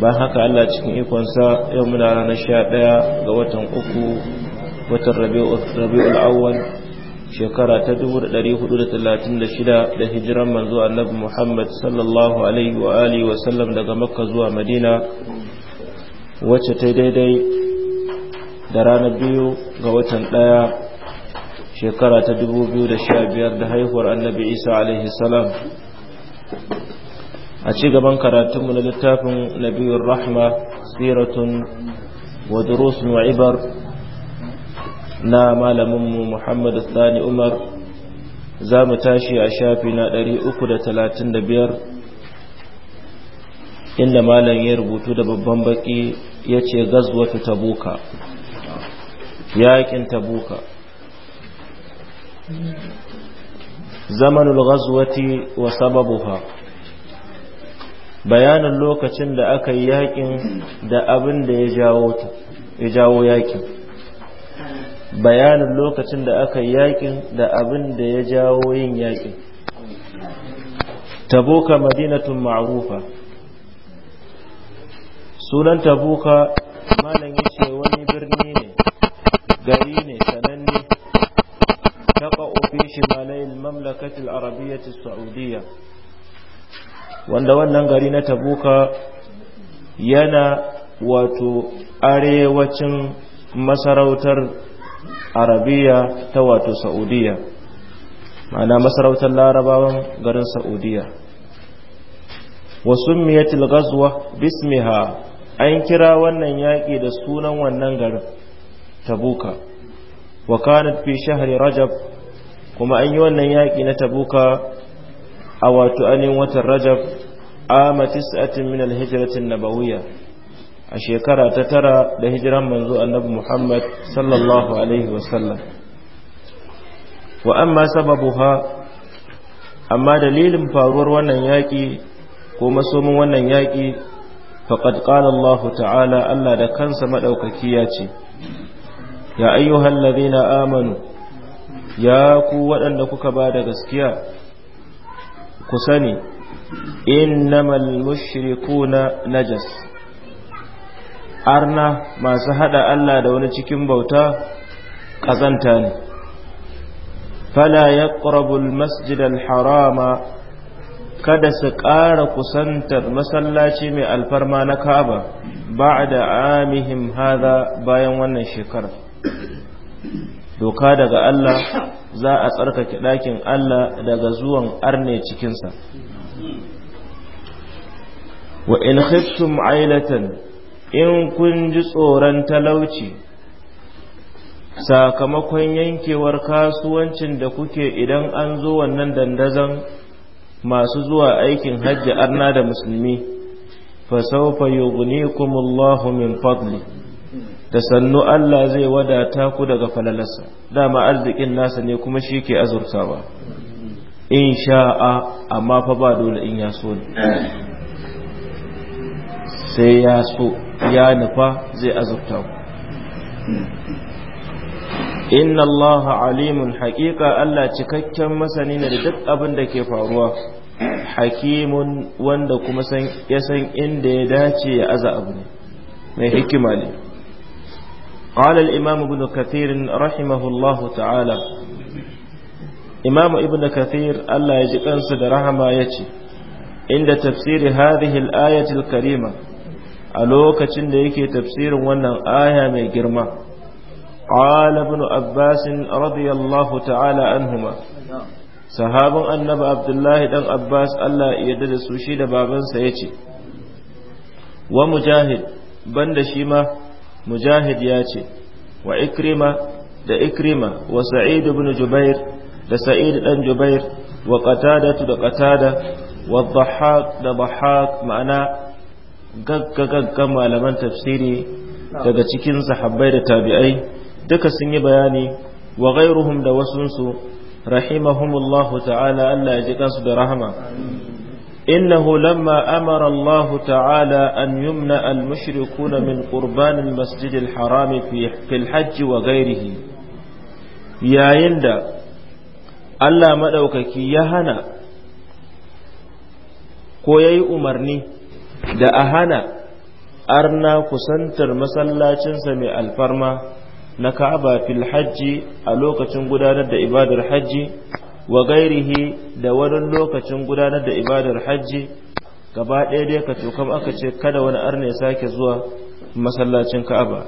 bayan haka Allah cikin ikonsa yau muna ranar sha ɗaya ga watan uku watan rabi'ul awwal shekara ta dubu da hudu da da da talatin shida hijiran manzo annabi Muhammad sallallahu alaihi wa alihi wa sallam daga Makka zuwa Madina wacce ta daidai da ranar biyu ga watan ɗaya shekara ta dubu 2015 da haihuwar annabi Isa alaihi salam a ci gaban karatunmu na littafin nabiyar rahma siratun wa durusun na malaminmu muhammadu sani umar za mu tashi a shafi na 335 inda malam ya rubutu da babban baki ya ce gazwatu tabuka yakin tabuka zamanul gazwati wa sababuha bayanin lokacin da aka yi yakin da abin da ya jawo yakin bayanin lokacin da aka yi yakin da abin da ya jawo yin yakin tabuka madinatun ma'rufa sunan tabuka malam yace wani birni ne gari ne sananne taqa fi shimalai mamlakatul mamlakati saudiya wanda wannan gari na tabuka yana wato arewacin masarautar arabiya ta wato saudiya ma'ana masarautar larabawan garin saudiya wasu miyatil gazuwa bismiha an kira wannan yaƙi da sunan wannan garin tabuka wa kanat fi shahri rajab kuma an yi wannan yaƙi na tabuka a wato ainihin watan rajab ama tis'atin min alhijratin nabawiyya a shekara ta tara da hijiran manzo annabi Muhammad sallallahu alaihi wasallam wa amma sababuha amma dalilin faruwar wannan yaƙi ko masomin wannan yaƙi faqad qala Allah ta'ala Allah da kansa maɗaukaki ya ce ya Ladina amanu ya ku waɗanda kuka ba da gaskiya ku sani innamal mushrikuna najas arna masu hada Allah da wani cikin bauta kazanta ne fala yaqrabu masjidal harama, kada su ƙara kusantar masallaci mai alfarma na Ka'aba ba'da amihim hada bayan wannan shekarar doka daga Allah za a tsarkake ɗakin Allah daga zuwan arne cikinsa wa in khiftum ailatan in kun ji tsoron talauci sakamakon yankewar kasuwancin da kuke idan an zo wannan dandazon masu zuwa aikin hajji arna da musulmi fa sawfa yughnikumullahu min fadli da sannu Allah zai wadata ku daga falalarsa dama arzikin nasa ne kuma shi ke azurtawa in sha'a amma fa ba dole in ya so ne sai ya so ya nufa zai azurta ku inna Allah alimun haƙiƙa Allah cikakken masani ne da duk abin da ke faruwa hakimun wanda kuma ya san inda ya dace ya aza abu ne mai hikima ne قال الإمام ابن كثير رحمه الله تعالى إمام ابن كثير ألا يجب أن صدرها ما يتي عند تفسير هذه الآية الكريمة ألوك تنديك تفسير وانا آية من جرمة قال ابن أباس رضي الله تعالى عنهما sahabin annaba abdullahi dan abbas allah yarda da su shi da babansa ya ce wa mujahid banda shi ma mujahid ya ce wa ikrima da ikrima wa sa'id ibn jubair da sa'id dan jubair wa qatada da qatada wa dhahhak da dhahhak ma'ana gagga gagga malaman tafsiri daga cikin sahabbai da tabi'ai duka sun yi bayani wa ghairuhum da wasunsu rahimahumullahu ta'ala Allah ya ji kansu da rahama إنه لما أمر الله تعالى أن يمنع المشركون من قربان المسجد الحرام في الحج وغيره يا يندى ألا مدوكك يهنا كوي أمرني da a hana arna kusantar masallacinsa mai alfarma na ka'aba fil hajji a lokacin gudanar da ibadar hajji wa gairihi da wani lokacin gudanar da ibadar hajji gaba ɗaya dai ka tokam aka ce kada wani arna ya sake zuwa masallacin ka'aba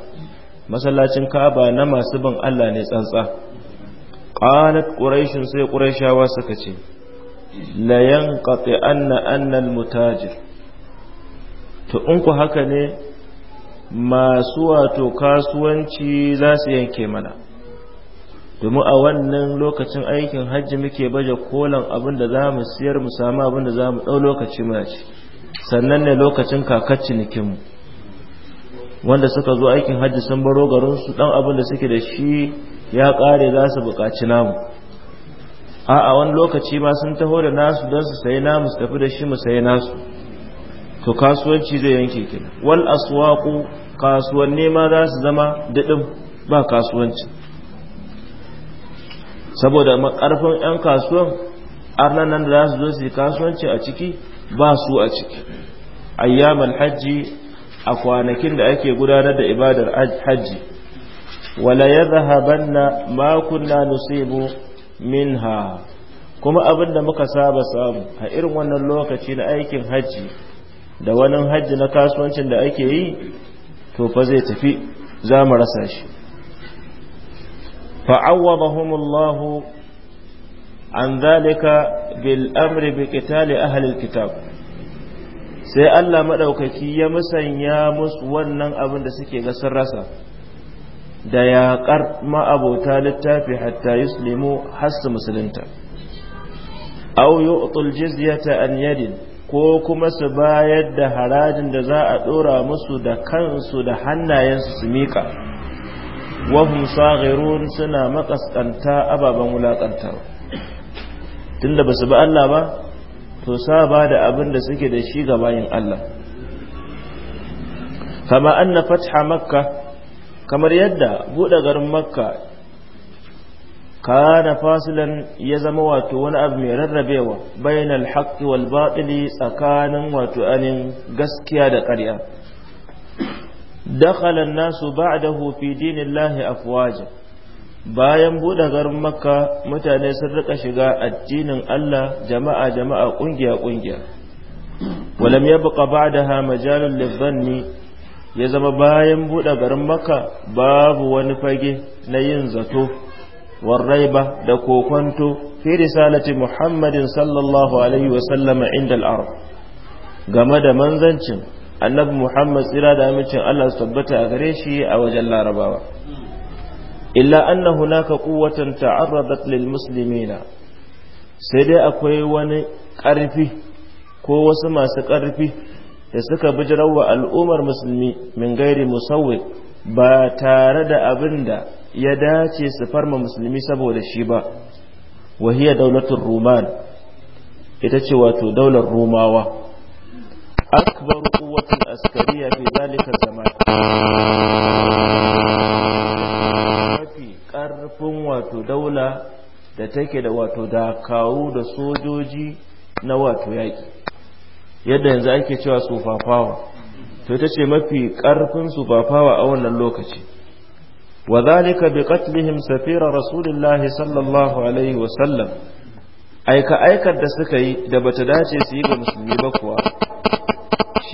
masallacin ka'aba na masu bin Allah ne tsantsa qalat quraishun sai quraishawa suka ce la yanqati anna anna mutajir to in ku haka ne masu wato kasuwanci za su yanke mana domin a wannan lokacin aikin hajji muke baje kolan abin da za mu siyar mu samu abin da za mu ɗau lokaci muna ci sannan ne lokacin kakar cinikinmu wanda suka zo aikin hajji sun baro garinsu ɗan abin da suke da shi ya kare za su buƙaci namu a a wani lokaci ma sun taho da nasu don su sayi namu su tafi da shi mu sayi nasu to kasuwanci zai yanke kina wal aswaqu kasuwanni ma za su zama daɗin ba kasuwanci saboda makarfin 'yan kasuwan arnan nan da za su zo su kasuwanci a ciki ba su a ciki ayyamal hajji a kwanakin da ake gudanar da ibadar hajji wala ya zahabanna makunna nusibu minha kuma abin da muka saba samu a irin wannan lokaci na aikin hajji da wani hajji na kasuwancin da ake yi to fa zai tafi za mu rasa shi فعوضهم الله عن ذلك بالأمر بقتال أهل الكتاب sai Allah maɗaukaki ya musanya musu wannan abin da suke gasar rasa da yaƙar ma'abota littafi hatta yuslimu hassa musulunta au yu'tul jizyata an yadin ko kuma su bayar da harajin da za a ɗora musu da kansu da hannayensu su miƙa wahum sagirun suna makaskanta ababen wulakanta tunda basu su ba Allah ba to saba da abin da suke da shi ga bayin Allah kama anna fatha makka kamar yadda buɗe garin makka kana fasilan ya zama wato wani abu mai rarrabewa bainal haqqi wal batili tsakanin wato anin gaskiya da ƙarya دخل الناس بعده في دين الله أفواجا bayan buɗe garin makka mutane sun rika shiga addinin Allah jama'a jama'a kungiya kungiya walam yabqa ba'daha majalun lidhanni ya zama bayan buɗe garin makka babu wani fage na yin zato warraiba da kokonto fi risalati muhammadin sallallahu alaihi wa inda al'arf game da manzancin annabi muhammad tsira da amincin allah su tabbata a gare shi a wajen larabawa illa anna hunaka quwwatan ta'arradat lil muslimina sai dai akwai wani karfi. ko wasu masu karfi da suka wa al'ummar musulmi min gairi musawwi ba tare da abin da ya dace su farma musulmi saboda shi ba wahiya daulatul ruman ita ce wato daular rumawa أكبر قوة عسكرية في ذلك الزمان mafi قرف wato daula da take da wato da sojoji na wato yadda yanzu ake cewa sufafawa to ita ce mafi karfin sufafawa a wannan lokaci wa zalika bi qatlihim safira rasulillahi sallallahu alaihi wa aika aikar da suka yi da bata dace su yi ga musulmi ba kuwa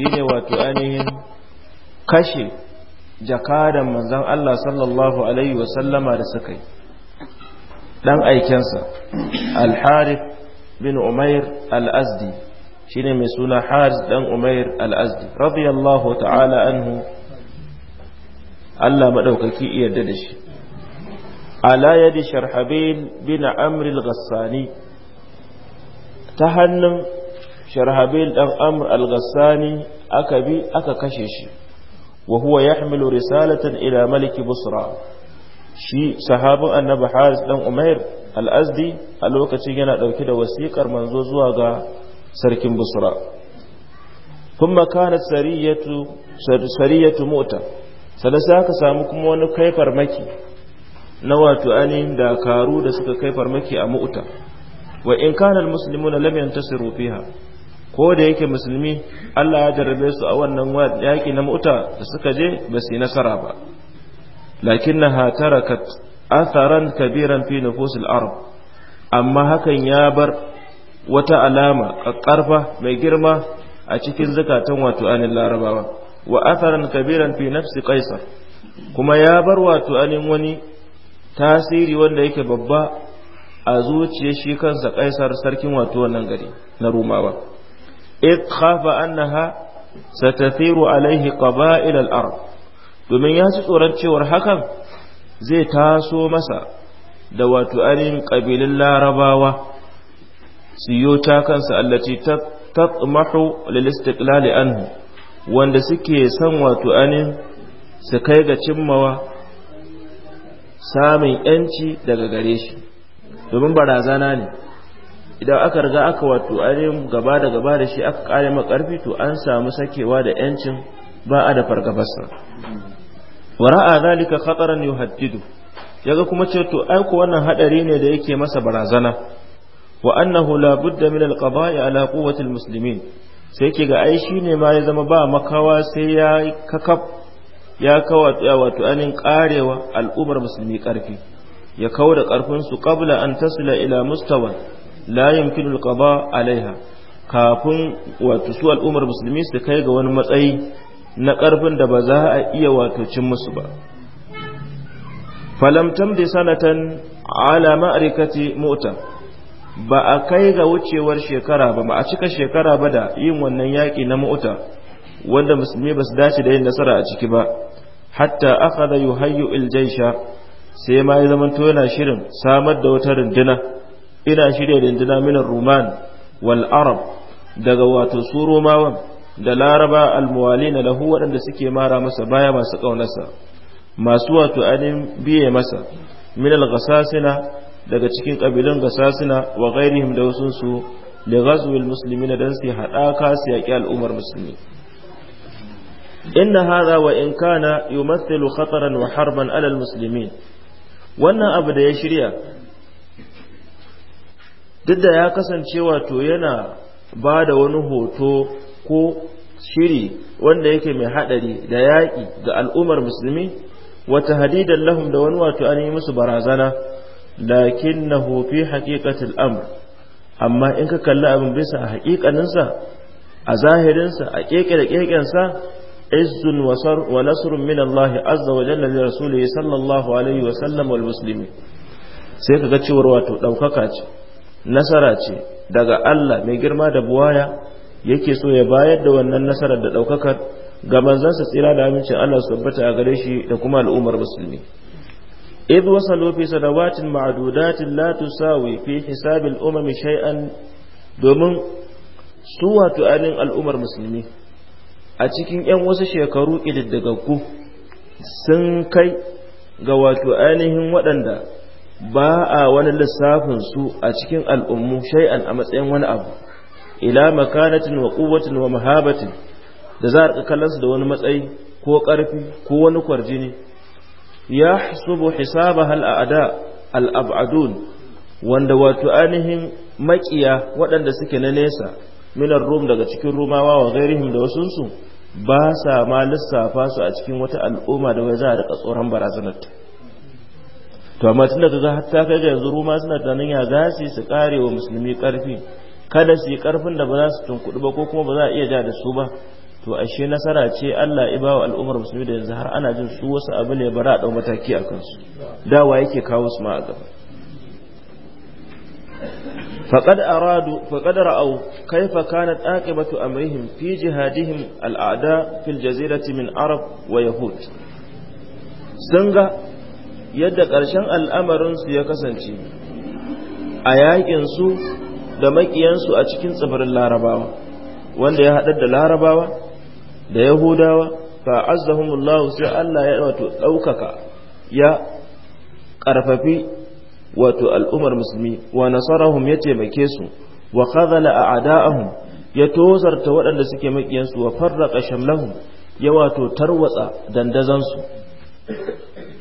shine wato ainihin kashe jakadan manzon Allah sallallahu alaihi wasallama da suka yi dan aikensa Alharif bin umair Al'azdi shine mai suna haris dan umair Al'azdi azdi radiyallahu ta'ala anhu Allah maɗaukaki yarda da shi ala yadi sharhabil bin Amril Gassani ta hannun sharhabil dan amr al-ghassani aka bi aka kashe shi wa huwa yahmilu risalatan ila malik busra shi sahabin annabi haris dan umair al-azdi a lokacin yana dauke da wasiƙar manzo zuwa ga sarkin busra kuma kana sariyatu sariyatu mota sannan sai aka samu kuma wani kai farmaki na wato ainihin dakaru da suka kai farmaki a mu'uta wa in kana almuslimuna lam yantasiru fiha ko da yake musulmi Allah ya jarrabe su a wannan yaƙi na mota da suka je ba su yi nasara ba hatara tarakat atharan kabiran fi al arab amma hakan ya bar wata alama ƙarfa mai girma a cikin zakatan wato anil larabawa wa atharan kabiran fi nafsi qaisar kuma ya bar wato anin wani tasiri wanda yake babba a zuciyar shi kansa kaisar sarkin wato wannan gari na rumawa إذ خاف أنها ستثير عليه قبائل الأرض domin ya ci tsoron cewar hakan zai taso masa da wato ainihin ƙabilun larabawa su yi kansa allaci ta tsamahu lilistiklali anhu wanda suke son wato ainihin su kai ga cimmawa samun yanci daga gare shi domin barazana ne idan aka riga aka wato ainihin gaba da gaba da shi aka kare makarfi to an samu sakewa da yancin ba a da fargabarsa ra'a zalika khataran yuhaddidu yaga kuma ce to ai ko wannan hadari ne da yake masa barazana wa annahu la budda min al-qada'i ala quwwati al sai yake ga ai shine ma ya zama ba makawa sai ya kakaf ya ya wato anin karewa al'ummar musulmi karfi ya kawo da karfin su qabla an tasila ila mustawa la yamkinul qada alaiha kafin wato su al'ummar musulmi su kai ga wani matsayi na karfin da ba za a iya wato cin musu ba falam tamdi sanatan ala ma'rikati mota ba a kai ga wucewar shekara ba ba a cika shekara ba da yin wannan yaƙi na mota wanda musulmi ba su dace da yin nasara a ciki ba hatta akhadha yuhayyu sha sai ma ya zamanto yana shirin samar da wata runduna ina shirya dindina minar ruman walarab daga wato su romawan da laraba almuwali na lahu waɗanda suke mara masa baya masu ƙaunarsa masu wato anin biye masa minal gasasina daga cikin ƙabilun gasasina wa gairihim da wasunsu da ghazwil musulmi na don su haɗaka su yaƙi al'ummar musulmi inna hada wa in kana yumathilu khataran wa harban alal muslimin wannan abu da ya shirya duk da ya kasance wato yana ba da wani hoto ko shiri wanda yake mai haɗari da yaƙi ga al'ummar musulmi wata hadidan lahum da wani wato an yi musu barazana lakin na hofi haƙiƙatul amr amma in ka kalli abin bisa a haƙiƙaninsa a zahirinsa a keke da sa izzun wa nasrun min Allah azza wa jalla li rasulihi sallallahu alaihi wa sallam wal muslimin sai kaga cewar wato daukaka ce nasara ce daga Allah mai girma da buwaya yake so ya bayar da wannan nasarar da ɗaukakar ga manzansa tsira da amincin Allah su tabbata a gare shi da kuma al'ummar musulmi إذ وصلوا في سنوات معدودات لا تساوي في حساب الأمم شيئا domin su wato ainihin al'ummar musulmi a cikin ‘yan wasu shekaru ƙididdigaggu sun kai ga wato ainihin waɗanda ba a wani lissafin su a cikin al'ummu shai'an a matsayin wani abu ila makanatin wa quwwatin wa mahabatin da za a kallon su da wani matsayi ko ƙarfi ko wani kwarjini ya hasubu hisaba hal a'da al ab'adun wanda wato ainihin makiya waɗanda suke na nesa minar rum daga cikin rumawa wa gairihim da wasunsu ba sa ma lissafa su a cikin wata al'umma da wai za a rika tsoron barazanarta to amma tunda ta ga hatta kai ga yanzu ruma suna tunanin ya za su su kare wa musulmi karfi kada su yi karfin da ba za su tunkuɗu ba ko kuma ba za a iya ja da su ba to ashe nasara ce Allah iba wa al'ummar musulmi da yanzu har ana jin su wasu abu ne bara a ɗau mataki a kansu dawa yake kawo su ma a gaba فقد أرادوا فقد رأوا كيف كانت عاقبة أمرهم في جهادهم الأعداء في الجزيرة من عرب ويهود سنغا yadda ƙarshen al'amarinsu ya kasance a yaƙinsu da maƙiyansu a cikin tsibirin larabawa wanda ya haɗar da larabawa da yahudawa fa azzahumullahu sai Allah ya wato ɗaukaka ya ƙarfafi wato al'ummar musulmi wa nasarahum ya taimake su wa khazala a'da'ahum ya tozarta waɗanda suke maƙiyansu wa farraƙa shamlahum ya wato tarwatsa dandazansu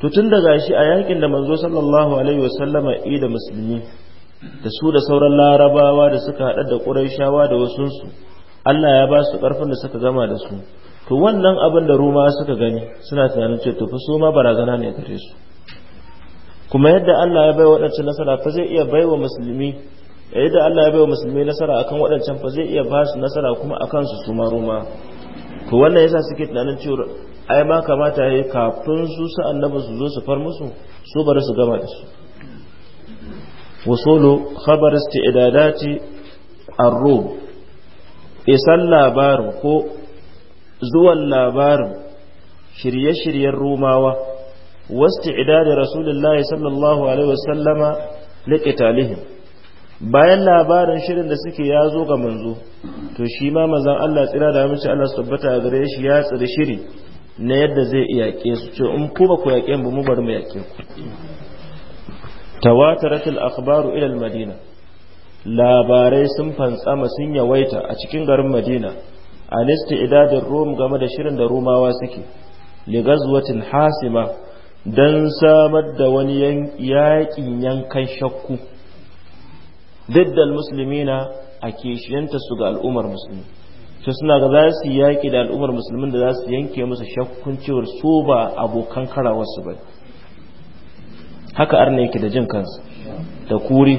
to tun da gashi a yakin da manzo sallallahu alaihi wasallama i da musulmi da su da sauran larabawa da suka haɗa da ƙurayshawa da wasunsu Allah ya ba su ƙarfin da suka gama da su to wannan abin da ruma suka gani suna tunanin cewa to fa su ma barazana ne gare su kuma yadda Allah ya baiwa waɗancan nasara fa zai iya baiwa musulmi yadda Allah ya baiwa musulmi nasara akan waɗancan fa zai iya ba su nasara kuma akan su su ma ruma to wannan yasa suke tunanin cewa ai ma kamata ya yi kafin su su annabi su zo su far musu su bari su gama da su wasolo khabar ta a rum isan labarin ko zuwan labarin shirye-shiryen rumawa wasu idadi rasulullahi sallallahu alaihi wasallama liƙitalihim bayan labarin shirin da suke ya zo ga manzo to shi ma mazan Allah tsira da mace Allah su tabbata gare shi ya tsiri shiri na yadda zai iya yaƙe su ce in ku ba ku yaƙe mu mu bari mu yaƙe ku tawatarat al-akhbaru ila al-madina labarai sun fantsama sun yawaita a cikin garin madina an idadin rom game da shirin da romawa suke li ghazwatin hasima dan samar da wani yaƙin yankan shakku diddal muslimina a kishiyanta su ga al'ummar musulmi sai suna ga za su yaƙi da al'ummar musulmin da za su yanke musu shakkun cewar su ba abokan karawarsu ba haka arna yake da jin kansa da kuri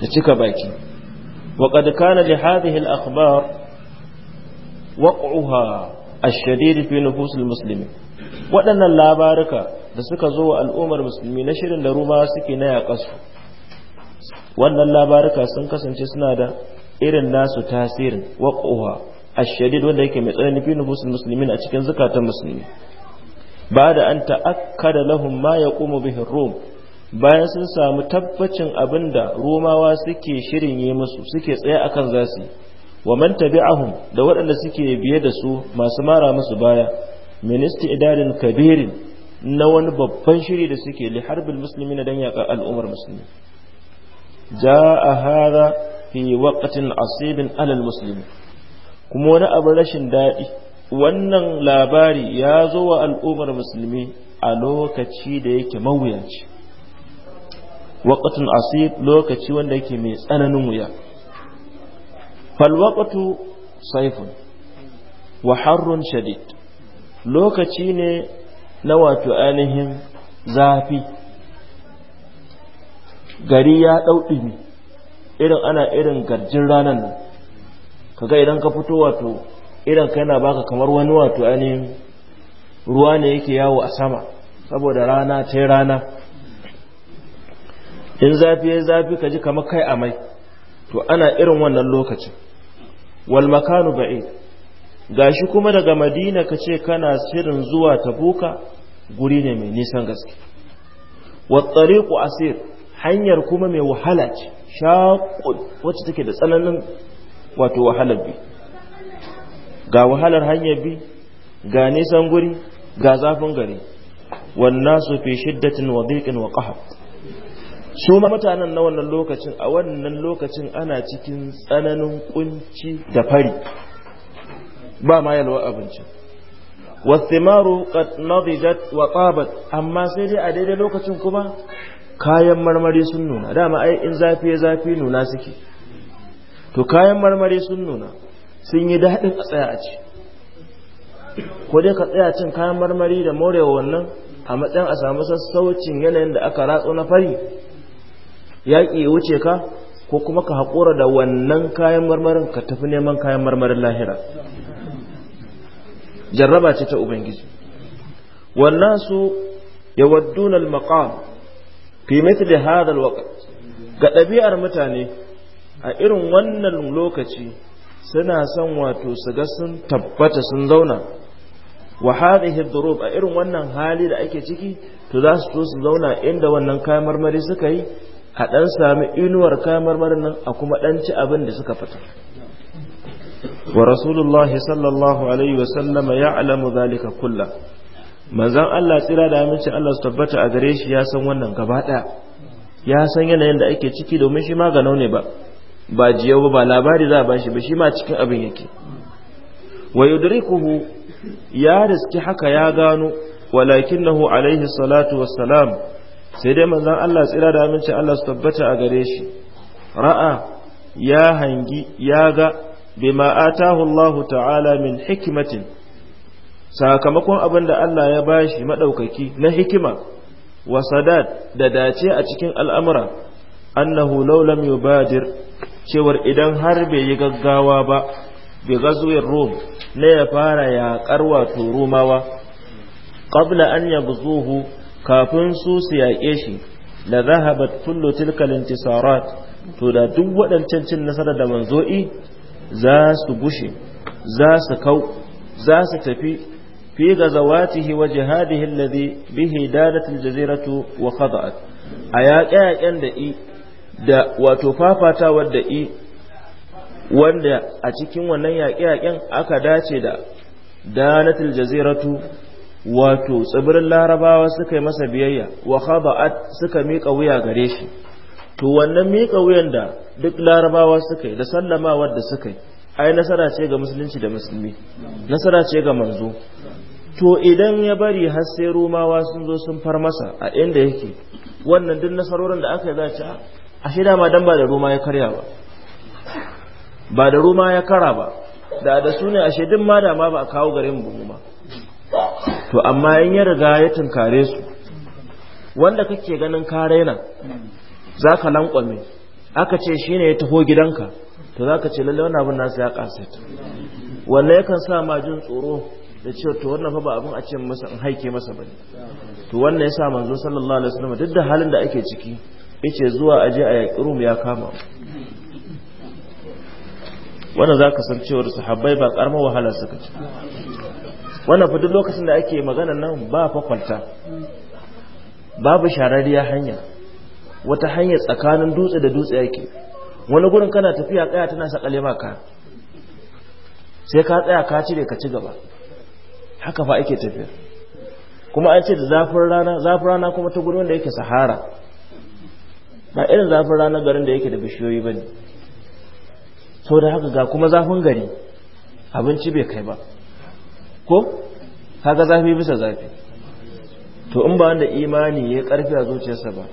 da cika baki وقد كان لهذه الأخبار وقعها الشديد في نفوس المسلمين waɗannan labaruka da suka zo wa al'ummar musulmi na shirin da ruba suke na yaƙasu wannan labaruka sun kasance suna da irin nasu tasirin a ashadid wanda yake mai tsanani fi nufusun musulmi a cikin zukatan musulmi ba da an da lahun ma kuma bihin rom bayan sun samu tabbacin abin da romawa suke shirin yi musu suke tsaye akan zasu wa man tabi'ahum da waɗanda suke biye da su masu mara musu baya ministi idadin kabirin na wani babban shiri da suke li musulmi na dan yaƙar al'ummar musulmi Ja a hada. fi waqtin asibin alal muslimi kuma wani abin rashin daɗi wannan labari ya zo wa al'ummar musulmi a lokaci da yake mawuyaci waqtin asib lokaci wanda yake mai tsananin wuya fal waqtu saifun wa harrun shadid lokaci ne na wato ainihin zafi gari ya ɗauɗimi irin ana irin garjin ranar nan kaga idan ka fito wato irin ka yana baka kamar wani wato ainihin ruwa ne yake yawo a sama saboda rana ta rana in zafi ya zafi ka ji kamar kai amai to ana irin wannan lokacin wal makanu ba'id gashi kuma daga madina ka ce kana shirin zuwa tabuka guri ne mai nisan gaske wa tariqu asir hanyar kuma mai wahala ce shaƙul wacce take da tsananin wato wahalar bi ga wahalar hanyar bi ga nisan guri ga zafin gari wannan su fi shiddatin wa dhiqin wa qahar su ma mutanen na wannan lokacin a wannan lokacin ana cikin tsananin kunci da fari ba ma yalwa abincin والثمار قد wa وطابت amma sai dai a daidai lokacin kuma kayan marmari sun nuna dama ai in zafi ya zafi nuna suke to kayan marmari sun nuna sun yi daɗin a tsaya a ci ko dai ka tsaya cin kayan marmari da morewa wannan a matsayin a samu sassaucin yanayin da aka ratso na fari yaƙi ya wuce ka ko kuma ka haƙura da wannan kayan marmarin ka tafi neman kayan marmarin lahira jarraba ce ta ubangiji wannan su yawaddunal al-maqam fi mithli hadha alwaqt ga ɗabi'ar mutane a irin wannan lokaci suna son wato su ga sun tabbata sun zauna wa hadhihi durub a irin wannan hali da ake ciki to za su so su zauna inda wannan kayan marmari suka yi a ɗan sami inuwar kayan marmarin nan a kuma ɗan ci abin da suka fita wa rasulullahi sallallahu alaihi wa sallama ya'lamu zalika kullahu manzan Allah tsira da amincin Allah su tabbata a gare shi ya san wannan gaba ɗaya ya san yanayin da ake ciki domin shi maganau ne ba ba jiyau ba ba labari za a ba shi ba shi ma cikin abin yake wa yudrikuhu ya riski haka ya gano walakin nahu alaihi salatu wassalam sai dai manzan Allah tsira da amincin Allah su tabbata a gare shi ra'a ya hangi ya ga bima atahu Allah ta'ala min hikimatin sakamakon abin da Allah ya bashi maɗaukaki na hikima wa sadad da dace a cikin al'amura annahu law lam yubadir cewar idan har bai yi gaggawa ba bi gazuwar rom na ya fara yaƙar wato romawa qabla an yabzuhu kafin su su yaƙe shi da zahabat kullu tilkalin intisarat to da duk waɗancan cin nasara da manzo'i za su gushe za su kau za su tafi في غزواته وجهاده الذي به bihi الجزيرة وخضعت wa khada'at a دا yaƙen da i da wato fafatawar da i wanda a cikin wannan aka dace da wato tsibirin larabawa suka yi masa biyayya wa khada'at suka miƙa wuya gare shi to wannan miƙa wuyan da duk larabawa suka yi da sallamawar da suka yi ai nasara ce ga musulunci da musulmi nasara ce ga manzo to idan ya bari har sai rumawa sun zo sun far masa a inda yake wannan duk nasarorin da aka yi za ci a shida ma dan ba da ruma ya karya ba ba da ruma ya kara ba da da su ne a shaidun ma da ba a kawo gare mu ba to amma in ya riga ya tunkare su wanda kake ganin ka raina za ka lankwame aka ce shine ya taho gidanka to za ka ce lallai wani abin nasu ya kasata Wanne yakan sa ma jin tsoro da cewa to wannan fa ba abin a ce masa in haike masa bane to wannan yasa manzo sallallahu alaihi wasallam duk da halin da ake ciki yace zuwa aje a yaƙi ya kama wannan zaka san cewa sahabbai ba karma wahala suka ci wannan fa duk lokacin da ake magana nan ba fa kwalta babu shararriya hanya wata hanya tsakanin dutse da dutse yake wani gurin kana tafiya kaya tana sakale maka sai ka tsaya ka cire ka ci gaba haka fa ake tafiya kuma an ce da zafin rana zafin rana kuma ta gudun da yake sahara ba irin zafin rana garin da yake da bishiyoyi ba ne so da haka ga kuma zafin gari abinci bai kai ba ko kaga zafi bisa zafi to in ba wanda imani ya karfi a zuciyarsa ba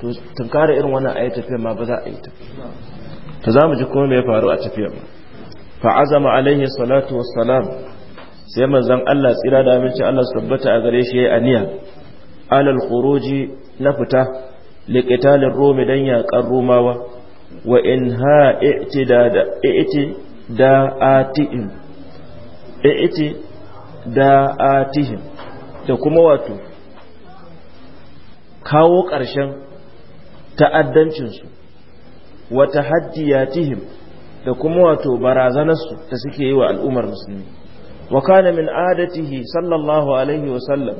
to tunkara irin wannan ayi tafiya ma ba za a yi ta to za mu ji kuma me ya faru a tafiya ba fa azama alaihi salatu wassalam sai manzon Allah tsira da aminci Allah su tabbata a gare shi a aniya alal khuruji na fita liqitalin Romi dan yaƙar rumawa wa in ha i'tidada da i'tida'atihim da kuma wato kawo ƙarshen ta'addancinsu wata haddiyatihim da kuma wato barazanarsu da suke yi wa al'ummar musulmi wa kana min adatihi sallallahu alaihi wa sallam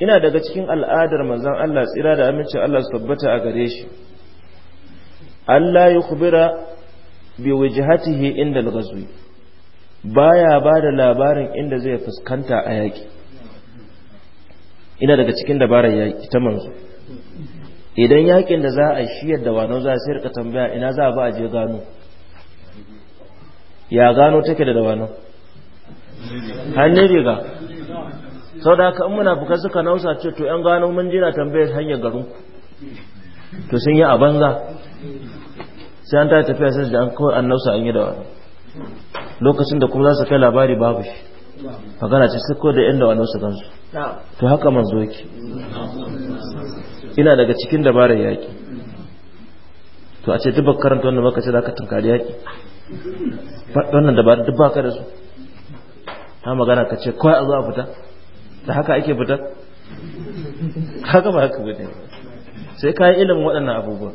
ina daga cikin al'adar manzon Allah tsira da amincin Allah su tabbata a gare shi Allah ya kubira bi wajhatihi inda al-ghazwi baya ba da labarin inda zai fuskanta a yaƙi ina daga cikin dabarar yaƙi ta manzo idan yaƙin da za a shi yadda wano za a sai rika tambaya ina za a ba a je gano ya gano take da dawano hannun riga sau da haka in munafukai suka nausa ce to yan gano mun jina tambayar hanyar garin ku. to sun yi a banza sai an ta tafiya sai da an an nausa an yi da wani lokacin da kuma za su kai labari babu shi magana ce su da yan da wani su gansu to haka manzo yake ina daga cikin dabarar yaƙi to a ce duk karanta wanda maka ce za ka tunkari yaƙi wannan dabarar duk baka da su ta magana ka ce kawai a zuwa a fita da haka ake fita ka ba haka bane sai ka yi ilimin waɗannan abubuwan.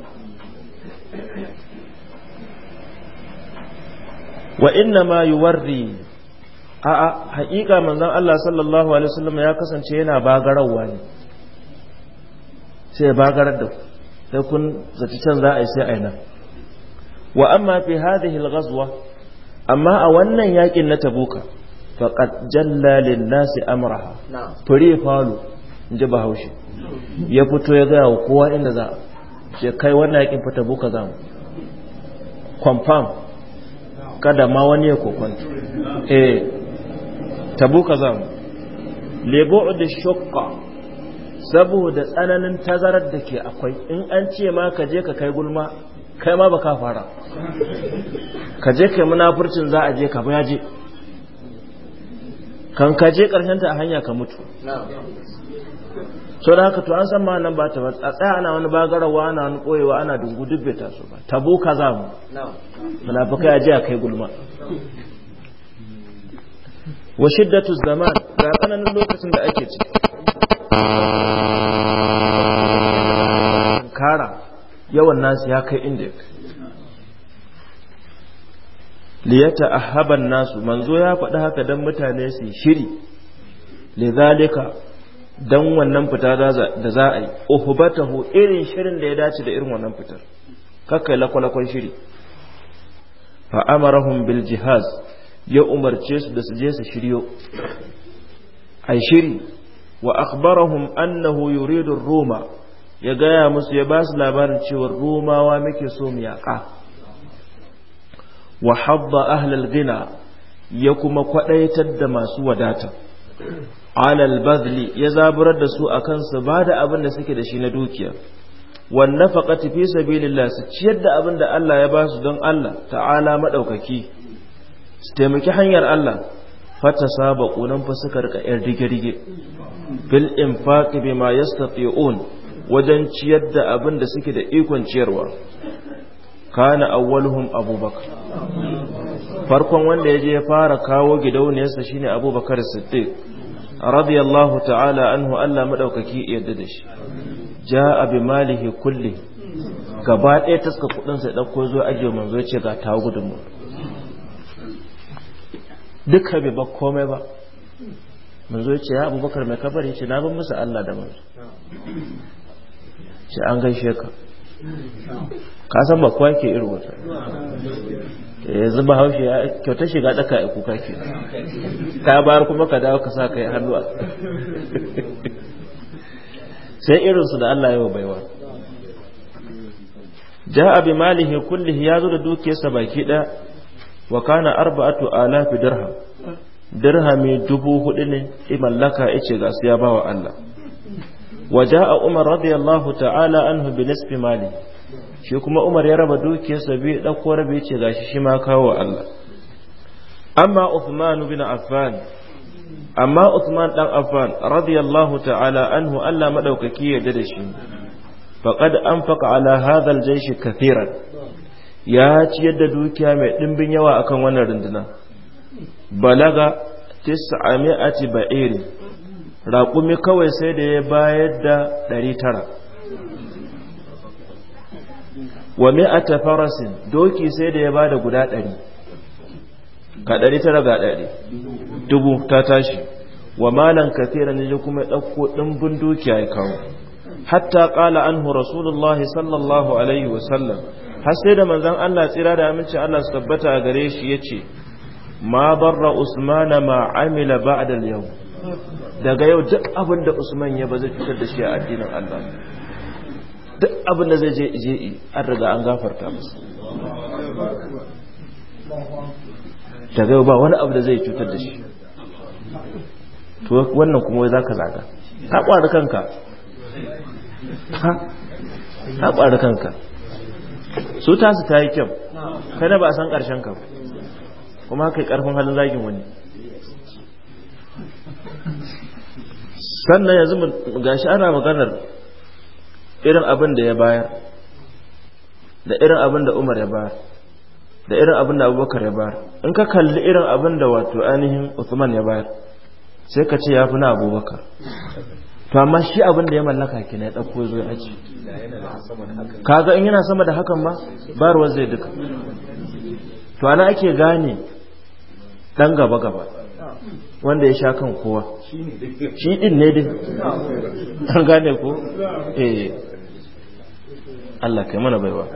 wa inna ma yuwarri a'a haƙiƙa manzan Allah sallallahu alaihi wasallam ya kasance yana bagarawa ne sai bagarar da sai kun zaci can za a yi sai aina wa amma fi hadhihi al-ghazwa amma a wannan yakin na tabuka faqad jalla lin-nasi amraha fure falo inji bahaushe ya fito ya gaya wa kowa inda za ce kai wannan yakin fita buka za mu confirm kada ma wani ya kokonta eh tabuka za mu lebo da shokka saboda tsananin tazarar da ke akwai in an ce ma ka je ka kai gulma kai ma ba ka fara ka je kai munafurcin za a je ka ba ya je kan kaje je karshen a hanya ka mutu so da haka to an san ma nan ba ta ba a tsaya ana wani bagarawa ana wani koyewa ana dungu duk bai taso ba tabo ka za mu munafikai a jiya a kai gulma wa shiddatu zaman ga tsananin lokacin da ake ci kara yawan nasu ya kai inda liyata ahaban nasu manzo ya faɗi haka don mutane su shiri lizalika don wannan fita da za a yi uhubatahu irin shirin da ya dace da irin wannan fitar kakkai lakwalakon shiri fa amarahum bil jihaz ya umarce su da su je su shiryo ai shiri wa akhbarahum annahu yuridu roma ya gaya musu ya ba su labarin cewa romawa muke so mu wa habba ahlal gina ya kuma kwaɗaitar da masu wadata alal bazli ya zaburar da su a su ba da abin da suke da shi na dukiya wan nafaqati fi sabilillah su ciyar da abin da Allah ya ba su don Allah ta'ala madaukaki su taimaki hanyar Allah fata sabaqu nan fa suka rika yar rige-rige bil infaqi bima yastati'un wajen ciyar da abin da suke da ikon ciyarwa kana awwaluhum abubakar farkon wanda ya je ya fara kawo gidauniyarsa shine abubakar siddiq radiyallahu ta'ala anhu Allah madaukaki yadda da shi ja'a bi malihi kulli gaba ɗaya taska kudin sai dauko zo ajiye manzo ya ga ta gudun mu duka bai ba komai ba manzo ya ya abubakar mai kabari ce na bin musu Allah da manzo Sai an gaishe ka ka san ba kwa ke irin wata eh, yanzu ba haushe ya kyauta shiga daka ya kuka ke ka bayar kuma ka dawo ka sa kai hannu sai irin su da Allah yau baiwa ja'a bi malihi kullihi ya zo da dukiyarsa baki ɗaya wa kana arba'atu alafi dirham dirhami dubu hudu ne imallaka ya ice ga su ya bawa Allah وجاء عمر رضي الله تعالى عنه بنصف ماله shi kuma Umar ya raba dukiyarsa biyu ɗauko rabi ce ga shi ma kawo Allah amma Uthman bin Affan amma Uthman dan Affan radiyallahu ta'ala anhu Allah madaukaki ya da shi faqad anfaqa ala hadha al-jaysh kathiran ya ciyar da dukiya mai dimbin yawa akan wannan runduna balaga 900 ba'irin raƙumi kawai sai da ya bayar da ɗari tara wa a farasin doki sai da ya ba da guda ɗari ka ɗari tara ga ɗari dubu ta tashi wa malan kafiran ne kuma ya ɗauko ɗimbin dukiya ya kawo hatta ƙala anhu rasulullah sallallahu alaihi wasallam har sai da manzon Allah tsira da aminci Allah su tabbata a gare shi ya ce. ma barra usmana ma amila ba'da al-yawm daga yau duk abin da usman ya ba zai cutar da shi a addinin allah duk abin da zai je ije an riga an gafarta musu daga yau ba wani abu da zai cutar da shi to wannan kuma wai zaka zaga ka kwari kanka ka kwari kanka su tasu ta yi kyau kada ba a san ƙarshen ka kuma haka yi ƙarfin halin zagin wani sannan yanzu ga shi ana maganar irin abin da ya bayar da irin abin da umar ya bayar da irin abin da abubakar ya bayar in ka kalli irin abin da wato ainihin usman ya bayar sai ka ce ya fi na abubakar to amma shi abin da ya mallaka ki na ya ɗauko zo ya aji kaga in yana sama da hakan ma ba baruwar zai duka to ana ake gane ɗan gaba gaba wanda ya sha kan kowa shi din ne din an gane ko eh Allah kai mana baiwa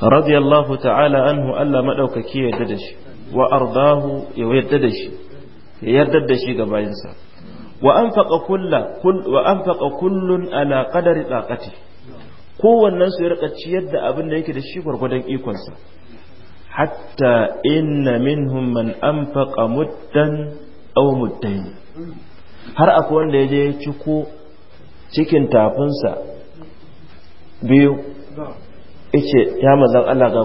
radiyallahu ta'ala anhu Allah madaukaki ya yarda da shi wa ardahu ya yarda da shi ya yarda da shi ga bayinsa wa anfaqa kullu wa anfaqa kullun ala qadari taqati kowannen su ya rika ciyar da abin da yake da shi gwargwadon ikonsa hatta inna منهم من أنفق مدا أو مدين har akwai wanda ya je cikin tafinsa biyu ice ya mazan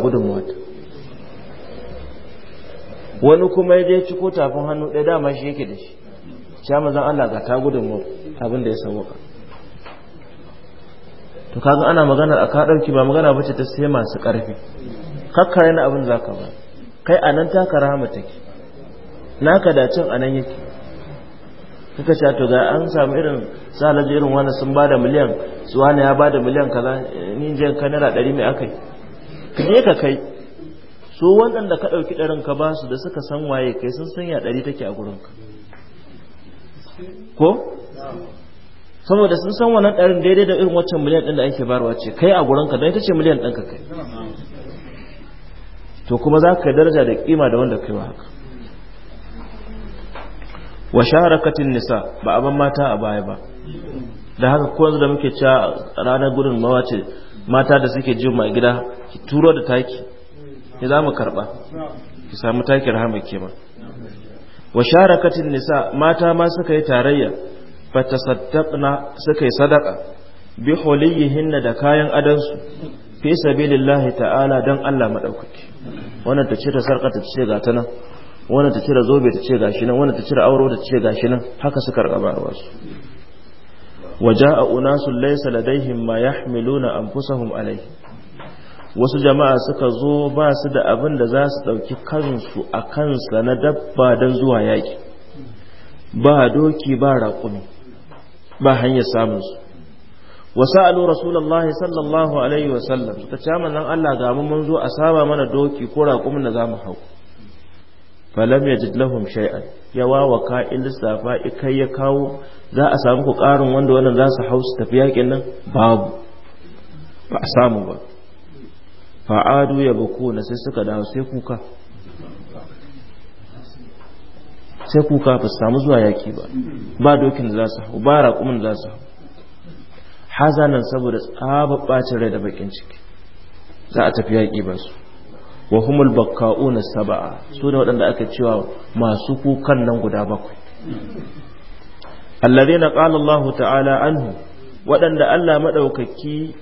wani kuma ya je ciko tafin hannu ɗaya dama shi yake da shi ya mazan Allah ga ta gudunmuwa abin da ya to kaga ana magana a ka ɗauki ba magana bace ta sai masu ƙarfi kakkare na abin zaka ba kai anan taka rahama take naka dacin anan yake kuka ce to ga an samu irin salaji irin wani sun bada miliyan su wani ya bada miliyan kaza ni je ka naira 100 mai akai ka je ka kai su waɗanda ka ɗauki ɗarin ka ba su da suka san waye kai sun sanya ɗari take a ka ko saboda sun san wannan ɗarin daidai da irin waccan miliyan ɗin da ake barwa ce kai a ka don ita ce miliyan ɗin ka kai to kuma za ka daraja da kima da wanda kai haka wa sharakatin nisa ba abin mata a baya ba da haka ko da muke cewa ranar gudun mawace mata da suke jin mai gida ki turo da taki ki za mu karɓa ki samu taki rahama ke wa sharakatin nisa mata ma suka yi tarayya tasaddaqna suka yi sadaka bi huliyihinna da kayan adansu fi sabilillah ta'ala dan Allah madaukaki wannan ta ce ta sarkata ta ce ga ta nan wannan ta da zobe ta ce gashi nan wannan ta da auro ta ce gashi nan haka suka raba wasu waja'a unasul laysa ladaihim ma yahmiluna anfusahum alayhi wasu jama'a suka zo ba su da abin da za su dauki kansu a kansa na dabba dan zuwa yaki ba doki ba raƙumi ba hanyar samunsu wa sa'alu rasulullahi sallallahu alaihi wa sallam ta ce nan Allah ga mun zo a saba mana doki ko raƙumin da zamu hau falam yajid lahum shay'an ya wawa ka lissafa ikai ya kawo za a samu ku ƙarin wanda wannan za su hau su tafi yakin nan babu ba a samu ba fa'adu ya bako na sai suka dawo sai kuka sai kuka ba su samu zuwa yaki ba ba dokin da za su hau ba raƙumin da za su hau hazanan saboda tsaba bacin rai da bakin ciki za a tafi yaƙi ba su wa humul bakka'una saba'a su da waɗanda aka cewa masu kukan nan guda bakwai allazina na Allah ta'ala anhu waɗanda Allah maɗaukaki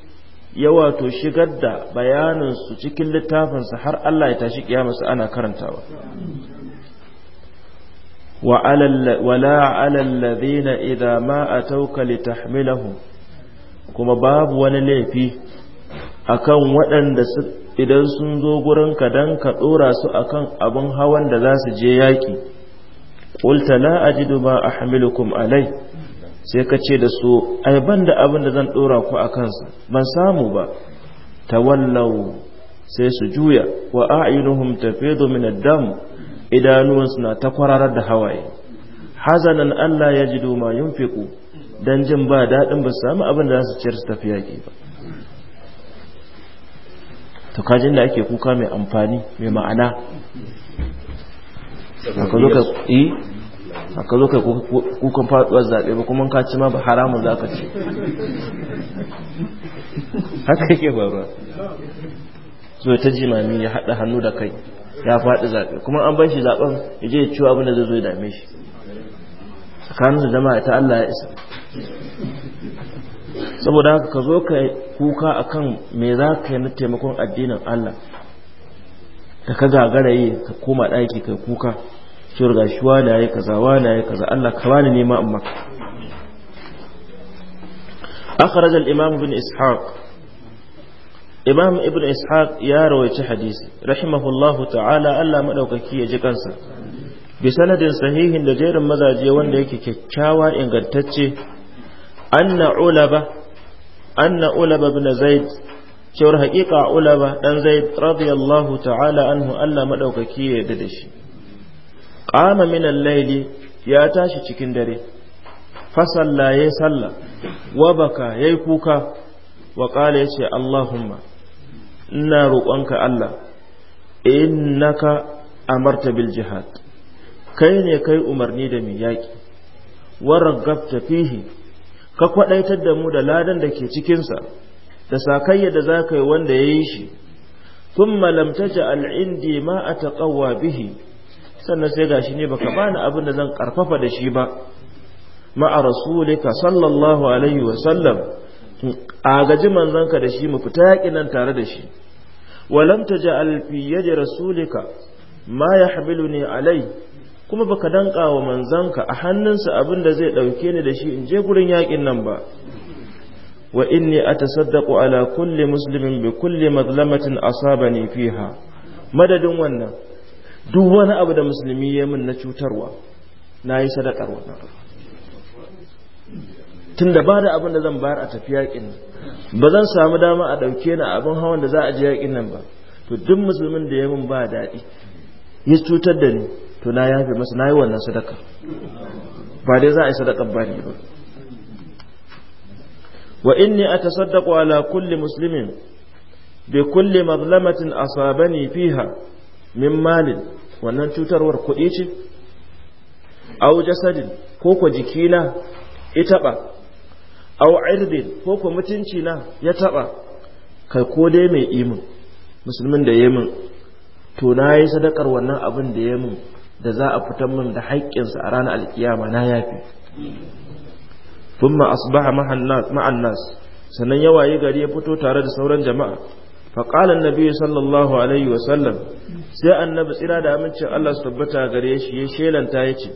ya wato shigar da bayanin su cikin littafinsa har Allah ya tashi kiyama ana karantawa wa ala wala ala allazina idza ma atawka litahmilahum kuma babu wani laifi akan waɗanda idan sun zo gurin ka dan ka ɗora su akan abin hawan da za su je yaƙi ƙulta la ajidu ma ahmilukum alai sai ka ce da su ai ban da abin da zan ɗora ku a kansa ban samu ba tawallau sai su juya wa a'yunuhum tafidu min ad-dam idanuwansu na ta kwararar da hawaye hazanan Allah ya ji ma fiku. don jin ba daɗin ba su samu abin da za su ciyar su tafi yaƙi ba to kajin da ake kuka mai amfani mai ma'ana haka zo kai eh, kukan faɗuwar zaɓe ba kuma ka ci ma ba haramun za ka ce haka yake faruwa so ta mami ya haɗa hannu da kai ya faɗi zaɓe kuma an ban shi zaɓen ya je ciwo abin da zai zo ya dame shi tsakaninsu jama'a ta Allah ya isa saboda haka ka zo ka kuka akan me za ka yi na taimakon addinin Allah da ka gagara yi ka koma ɗaki ka kuka cewar ga shuwa wani ya kaza na ya kaza Allah ka bani nema amma akhraj al imam ibn ishaq imam ibn ishaq ya rawaici hadisi rahimahullahu ta'ala Allah madaukaki ya ji kansa bi sanadin sahihin da jerin mazaje wanda yake kyakkyawa ingantacce anna ulaba anna ulaba zaid cewar haƙiƙa ulaba ɗan zaid radiyallahu ta'ala anhu Allah maɗaukaki ya yarda da shi qama min al-layli ya tashi cikin dare fa sallaye salla wa baka yayi kuka Waƙala qala yace Allahumma ina roƙonka Allah innaka amarta bil jihad kai ne kai umarni da miyaƙi. yaƙi gafta fihi ka kwaɗaitar da mu da ladan da ke cikinsa da sakayya da za ka yi wanda ya yi shi thumma lam taj'al a ma taƙawa bihi sannan sai gashi ne baka bani abin da zan ƙarfafa da shi ba ma'a rasulika sallallahu alaihi wa sallam agaji manzanka da shi mu fita yaƙi nan tare da shi walam taj'al fi rasulika ma ya ne alai kuma baka danka wa manzanka a hannunsa abin da zai ɗauke ni da shi in je gurin yaƙin nan ba wa inni atasaddaqu ala kulli muslimin bi kulli madlamatin asabani fiha madadin wannan duk wani abu da musulmi ya min na cutarwa nayi sadakar wannan tunda ba da abin da zan bayar a tafi yaƙin nan ba zan samu dama a ɗauke ni abin hawan da za a je yaƙin nan ba to duk musulmin da ya min ba daɗi ya cutar da ni to na yafe masa na yi wannan sadaka ba dai za a yi sadakar ba ne ba wa inni atasaddaqu ala kulli muslimin bi kulli mazlamatin asabani fiha min malin wannan cutarwar kuɗi ce aw jasadin ko ko jikina ya taɓa? aw irdin ko ko mutunci na ya taba kai ko dai mai imin musulmin da yemin to na yi sadakar wannan abin da yemin da za a fitar min da haƙƙinsa a ranar alkiyama na yafi thumma asbaha ma'an nas sannan ya waye gari ya fito tare da sauran jama'a fa qala annabi sallallahu alaihi wa sallam sai annabi tsira da amincin Allah su tabbata gare shi ya shelanta yace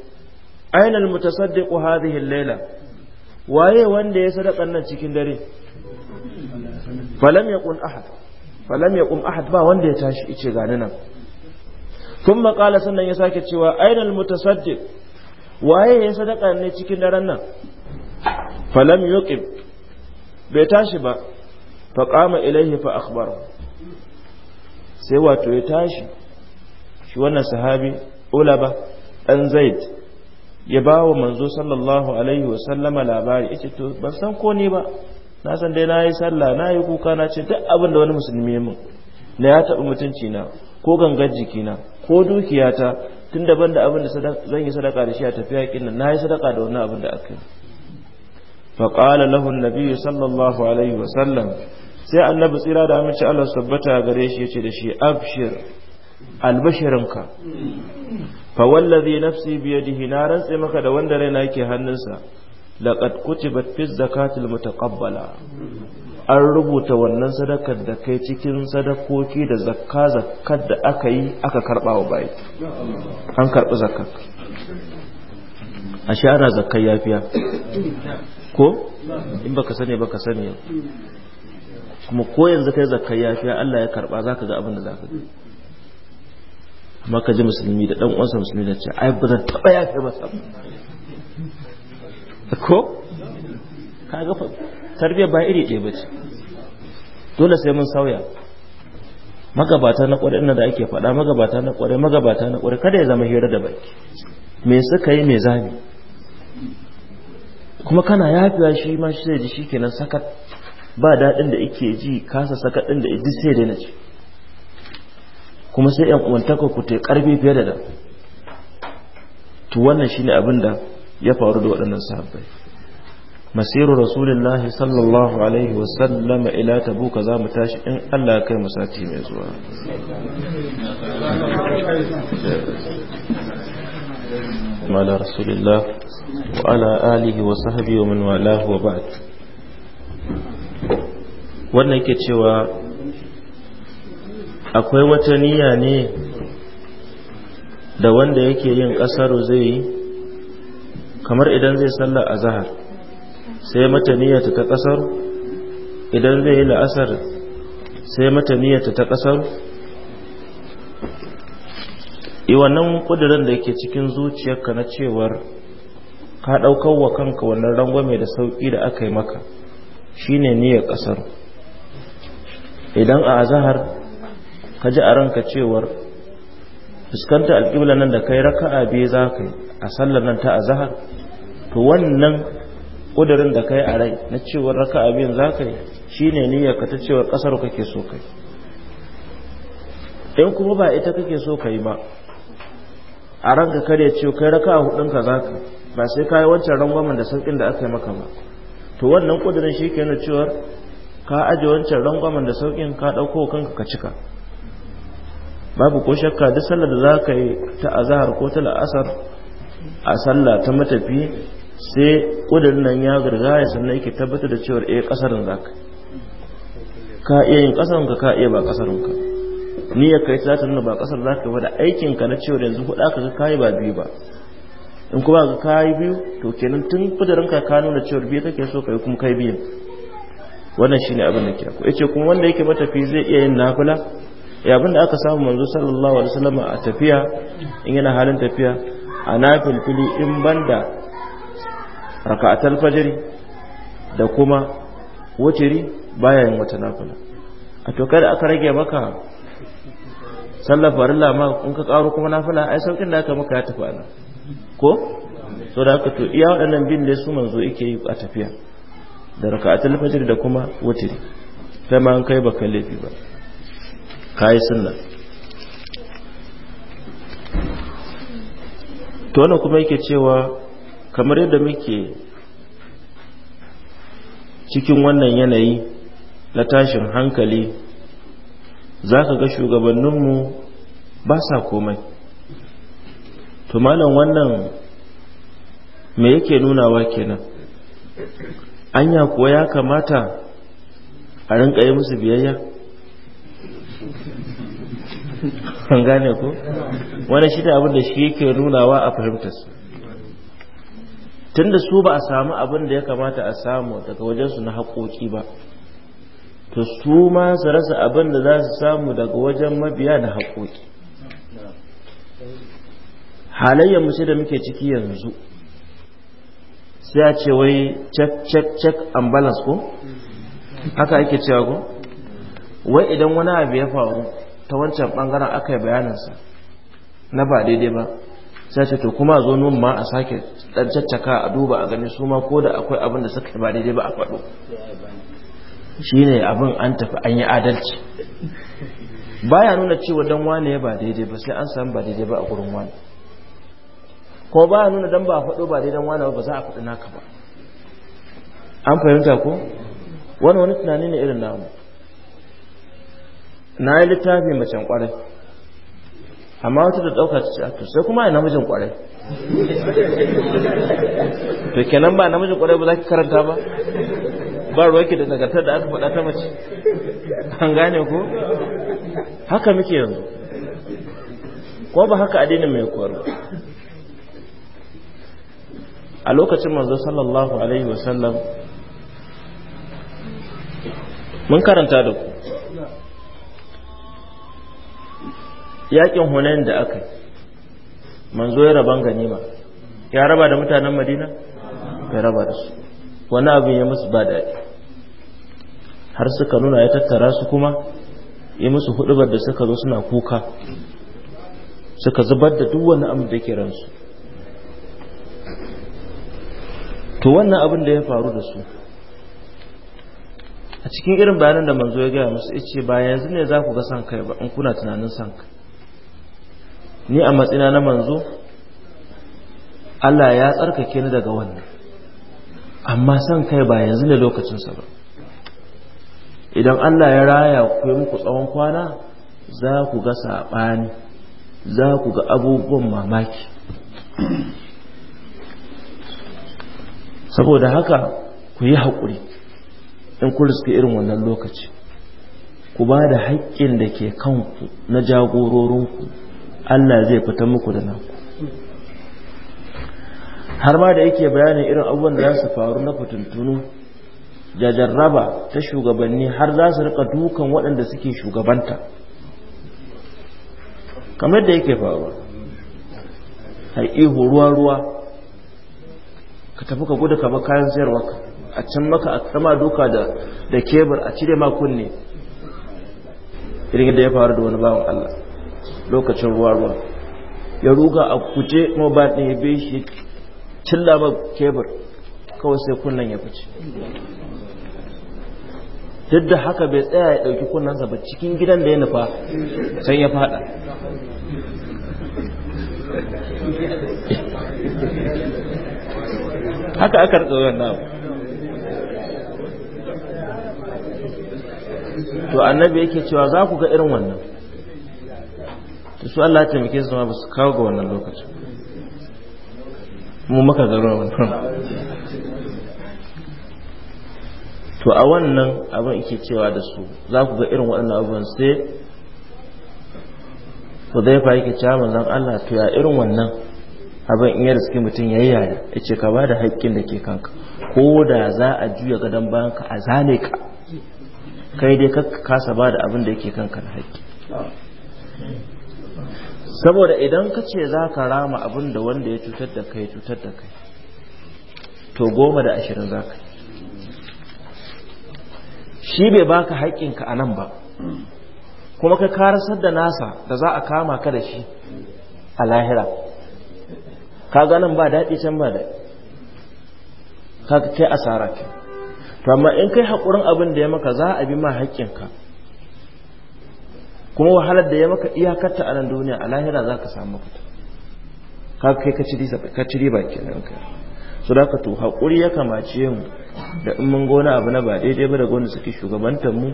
aina almutasaddiqu hadhihi al-laila waye wanda ya sadaka nan cikin dare falam yaqul ahad falam yaqum ahad ba wanda ya tashi ice ga nan kuma kala sannan ya sake cewa ainihin mutasaddi waye ya sadaka ne cikin daren nan falam yuqib bai tashi ba fa kama ilaihi fa akhbar sai wato ya tashi shi wannan sahabi ulaba Ɗan zaid ya bawo manzo sallallahu alaihi wa sallama labari yace to ban san ko ni ba na san dai nayi sallah nayi kuka na ce duk abin da wani musulmi ya mun na ya tabbata mutuncina ko gangar jikina ko dukiyata tun daban da abin da zan yi sadaka da shi a tafiya kin nan nayi sadaka da wannan abin da aka yi fa qala lahu an-nabi sallallahu alaihi wa sallam sai annabi tsira da amince Allah tabbata gare shi yace da shi abshir albashirinka fa wallazi nafsi bi yadihi na rantse maka da wanda raina yake hannunsa laqad kutibat fi zakatil mutaqabbala an rubuta wannan sadakar da kai cikin sadakoki da zakka zakkar da aka yi aka karba wa bayi an karɓi zakka. a shara zakkar yafiya ko in baka sani baka sani yau kuma ko yanzu kai zakkar yafiya Allah ya karba zaka ga abin da zaka ga amma ka ji musulmi da dan musulmi da ce ai ba zan taba yafe ba ko ga fa tarbiyyar ba iri ɗaya bace dole sai mun sauya magabata na ƙwarai da ake faɗa magabata na ƙwarai magabata na ƙwarai kada ya zama hira da baki me suka yi me zami kuma kana yafiya shi ma shi zai ji shi kenan sakat ba daɗin da ike ji kasa sakat ɗin da idi sai dai na ci kuma sai yan uwantaka ku ta ƙarfi fiye da da to wannan shine abin da ya faru da waɗannan sahabbai masiru rasulullahi sallallahu alaihi wasallama ila tabuka za mu tashi in allah kai mu sati mai zuwa على رسول الله وعلى آله وصحبه ومن والاه وبعد wannan ke cewa akwai wata niyya ne da wanda yake yin ƙasar zai kamar idan zai sallar azahar sai mata niyyata ta kasar idan zai yi la'asar sai mata niyyata ta kasar yi wannan kudirin da ke cikin zuciyarka na cewar ka ɗaukar wa kanka wannan rangwame da sauƙi da aka yi maka shine niyyar kasar idan a azahar ka ji a ranka cewar fuskanta alƙibla nan da kai raka'a biyu za ka yi a sallar nan ta azahar to wannan kudurin da kai a rai na cewar raka abin za ka yi shi ne niyyarka ta cewar ƙasar kake so kai in kuma ba ita kake so kai ba a ranka kare ce kai raka hudunka za ka ba sai ka yi wancan rangwamen da sauƙin da aka yi maka ba to wannan kudurin shi ke na cewar ka aje wancan rangwamen da sauƙin ka ɗauko kanka ka cika babu ko shakka duk sallar da za ka yi ta azahar ko ta la'asar a sallah ta matafi sai ƙudurin nan ya gargaya sannan yake tabbatar da cewar eh ƙasarin za ka ka iya yin ƙasarinka ka iya ba Ni ya kai ta nuna ba ƙasar za ka ba da aikinka na cewar yanzu hudu aka ka yi ba biyu ba in kuma ga ka yi biyu to kenan tun ƙudurinka ka nuna cewar biyu kake so ka yi kuma kai biyu wannan shi ne abin da ke akwai ce kuma wanda yake matafi zai iya yin nafila ya eh, abin da aka samu manzo sallallahu alaihi wasallam a tafiya in yana halin tafiya a nafil fili in banda raka'atul fajr da kuma wutiri bayan wata nafila a to kada aka rage maka sallar farilla ma in ka karo kuma nafila ai saukin da aka maka ya tafi ana ko so da haka to iya waɗannan bin da su manzo yake yi a tafiya da raka'atul fajr da kuma wutiri kai ma an kai baka laifi ba kai sunna to wannan kuma yake cewa kamar yadda muke cikin wannan yanayi na tashin hankali za ka ga shugabanninmu ba sa komai tumalan wannan me yake nunawa kenan anya kuwa ya kamata a rinka yi musu biyayya kan gane ko wani shi abin da shi yake nunawa a fahimtarsu tunda su ba a samu abin da ya kamata a samu daga wajensu na haƙoƙi ba to su ma su rasa abin da za su samu daga wajen mabiya na haƙoƙi halayyar mace da muke ciki yanzu sai a ce wai check check check ambalas ko haka ake cewa ko wai idan wani abu ya faru ta wancan bangaren aka yi bayaninsa na ba daidai ba sai ce to kuma a zo nun ma a sake dan caccaka a duba a gani su ma ko da akwai abin da suka ba daidai ba a faɗo shine abin an tafi an yi adalci baya nuna cewa dan wane ya ba daidai ba sai an samu ba daidai ba a gurin wani ko baya nuna dan ba faɗo ba daidai wane ba za a faɗi naka ba an fahimta ko wani wani tunani ne irin namu na yi littafi macen kwarai amma wata da ɗauka ta ce ah, to sai kuma ai namijin kwarai to kenan ba namijin kwarai ba za ki karanta ba ba ruwa ke da nagartar da aka faɗa ta mace an gane ko haka muke yanzu ko ba haka addinin mai koyarwa a lokacin manzo sallallahu alaihi wasallam mun karanta da ku yakin hunain da aka yi manzo ya raban ganima ya raba da mutanen madina ya raba da su wani abin ya musu ba daɗi har suka nuna ya tattara su kuma ya musu hudubar da suka zo suna kuka suka zubar da duk wani abin da ke ransu to wannan abin da ya faru da su a cikin irin bayanan da manzo ya gaya musu ce ba yanzu ne za ku ga san kai ba in kuna tunanin san kai ni a matsina na manzo Allah ya tsarkake ni daga wannan amma san kai ba yanzu ne lokacinsa ba idan Allah ya raya ku yi muku tsawon kwana za ku ga saɓani za ku ga abubuwan mamaki saboda haka ku yi haƙuri in ku riske irin wannan lokaci ku ba da haƙƙin da ke kanku na jagororinku Allah zai fita muku da nan har ma da yake bayanin irin abubuwan da za su faru na fitintunu da jarraba ta shugabanni har za su rika dukan waɗanda suke shugabanta kamar da yake faruwa ihu ruwa-ruwa ka tafi ka gudu ka kayan sayarwa a can maka a kama duka da kebur a cire ma kunne irin da ya faru da wani bawan Allah lokacin ruwa ruwa ya ruga a kuje ba ɗin ya bai shi cilla ba kebur kawai sai kunnan ya fice duk da haka bai tsaya ya ɗauki kunnansa ba cikin gidan da ya nufa sai ya fada haka aka rika na to annabi yake cewa za ku ga irin wannan su Allah ya taimake su ma ba su kawo ga wannan lokacin mu maka zaro wannan to a wannan abin ke cewa da su za ku ga irin waɗannan abubuwan sai ku zai fa yake cewa manzon Allah to ya irin wannan abin in ya riski mutum yayi yaya yace ka bada haƙƙin da ke kanka ko da za a juya gadon bayan ka a zane ka kai dai ka kasa bada abin da yake kanka na haƙƙi saboda idan ka ce za ka rama abin da wanda ya cutar da kai cutar da kai to goma da ashirin za ka shi bai baka haƙƙinka a nan ba kuma ka karasar da nasa da za a kama ka da shi a lahira ka nan ba daɗi can ba da ka kai asara ke to in kai haƙurin abin da ya maka za a bi ma haƙƙinka kuma wahalar da ya maka iyakarta a nan duniya a lahira za ka samu mafita ka kai ka ci riba nan ka su da ka to haƙuri ya kamace yin da in mun gona abu na ba daidai ba da gona suke shugabantar mu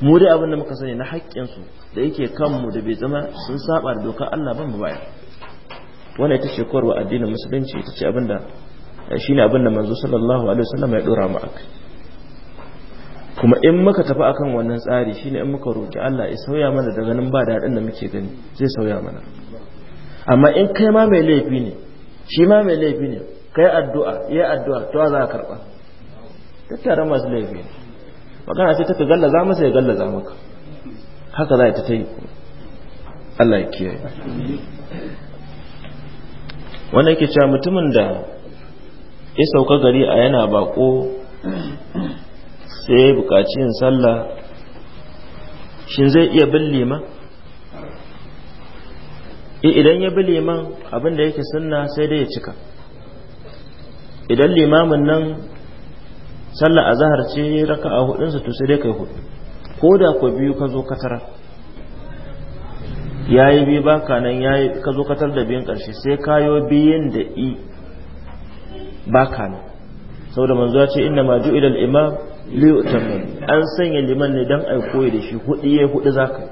mu da abin da muka sani na haƙƙinsu da yake kanmu da bai zama sun saba da dokar Allah ban mu baya wannan ita ce wa addinin musulunci ita ce abin da ne abin da manzo sallallahu alaihi wasallam ya ɗora mu akai kuma in muka tafi akan wannan tsari shine in muka roki Allah ya sauya mana daga nan ba dadin da muke gani zai sauya mana amma in kai ma mai laifi ne shi ma mai laifi ne kai addu'a yi addu'a to za ka karba tattara masu laifi ne magana sai ta gallaza masa ya za maka haka za ta yi Allah ya kiyaye wannan yake cewa mutumin da ya sauka gari a yana bako sai ya buƙaci yin sallah shin zai iya bin liman eh, idan ya bi liman abin da yake sunna sai dai ya cika idan limamin nan sallah a zahar ce raka a hudunsa to sai dai kai hudu ko da ku biyu ka zo katara ya yi biyu baka nan ya yi ka zo katar da biyun karshe sai kayo biyun da i baka nan saboda da manzuwa ce inda maju idan imam liyu an sanya liman ne don ai koyi da shi hudu ya hudu za ka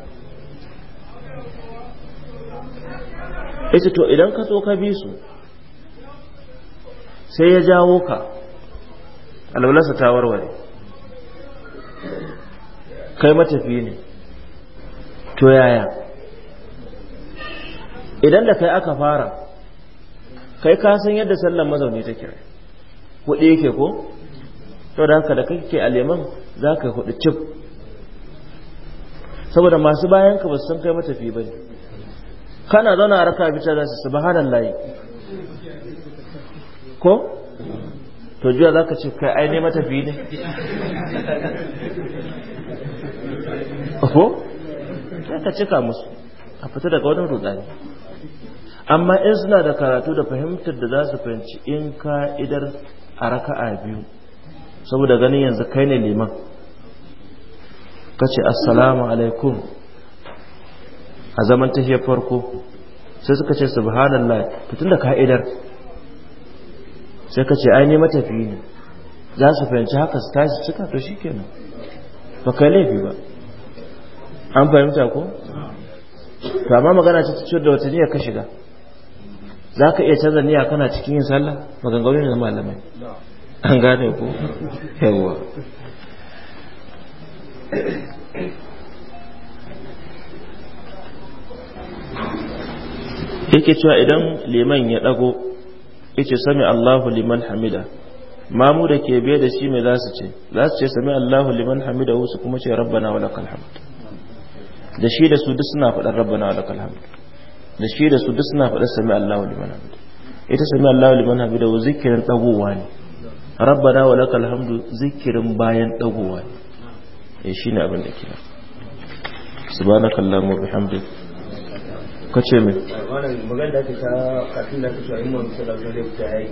yace to idan ka so ka bi su sai ya jawo ka alwalarsa ta warware kai matafi ne to yaya idan da kai aka fara kai ka san yadda sallan mazauni take hudu yake ko saboda haka da kake a leman za ka hudu cif saboda masu bayan ka ba su san kai matafi ba ne kana zauna a raka bita za su subhanan layi ko to jiya za ka ce kai ai ne matafi ne ko sai ka cika musu a fita daga wani rudani amma in suna da karatu da fahimtar da za su fahimci in ka idar a raka'a biyu saboda ganin yanzu kai ne liman ka ce assalamu alaikum a zaman tafiyar farko sai suka ce subhanallah fitun da ka'idar sai ka ce ainihin matafi ne za su fahimci haka su tashi cika to shi kenan ba kai laifi ba an fahimta ko? to amma magana ce ta ciwo da wata niyya ka shiga za ka iya canza niyya kana cikin yin sallah maganganu ne na malamai an gane ku yawa yake cewa idan liman ya dago yace sami Allahu liman hamida mamu da ke biye da shi mai za su ce za su ce sami Allahu liman hamida su kuma ce rabbana wa lakal hamd da shi da su duk suna faɗar rabbana wa lakal hamd da shi da su duk suna faɗar sami Allahu liman hamida ita sami Allahu liman hamida zikirin dagowa ne rabbana wa lakal alhamdu zikirin bayan dagowa shi ne eh, abin da kira subhanakallahumma Ka ce me magana da ta kafin da ta yi mun sallallahu alaihi wa sallam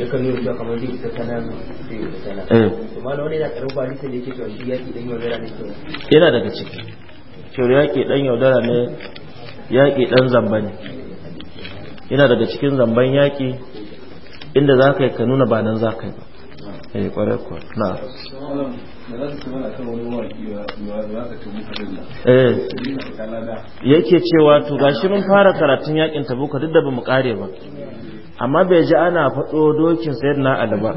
ya kan nuna cewa kamar zai isa sana zai isa sana kuma wani yana karin ba nisan da yake cewa shi yaƙi dan yaudara ne kenan yana daga ciki cewa yaƙi dan yaudara ne yaƙi dan zamba ne yana daga cikin zamban yaki, inda za ka yi ka nuna ba nan za ka yi eh kwarar kuwa? na eh. yake cewa to gashi mun fara karatun yakin tabuka duk da mu kare ba amma bai ji ana faɗo dokin sayar na alba.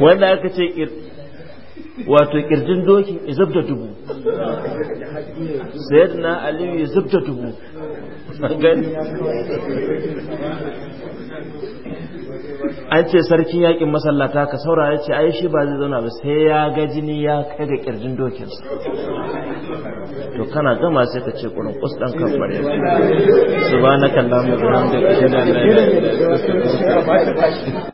wanda aka ce wato kirjin dokin da dubu sayar na Aliyu izab da dubu an ce sarkin yakin masallata ka saura ya ce ai shi ba zai zauna ba sai ya ga jini ya kai ga kirjin dokinsa to kana gama sai ka ce kurin kusdan kan bare allahumma wa bihamdika ashhadu an la ilaha illa anta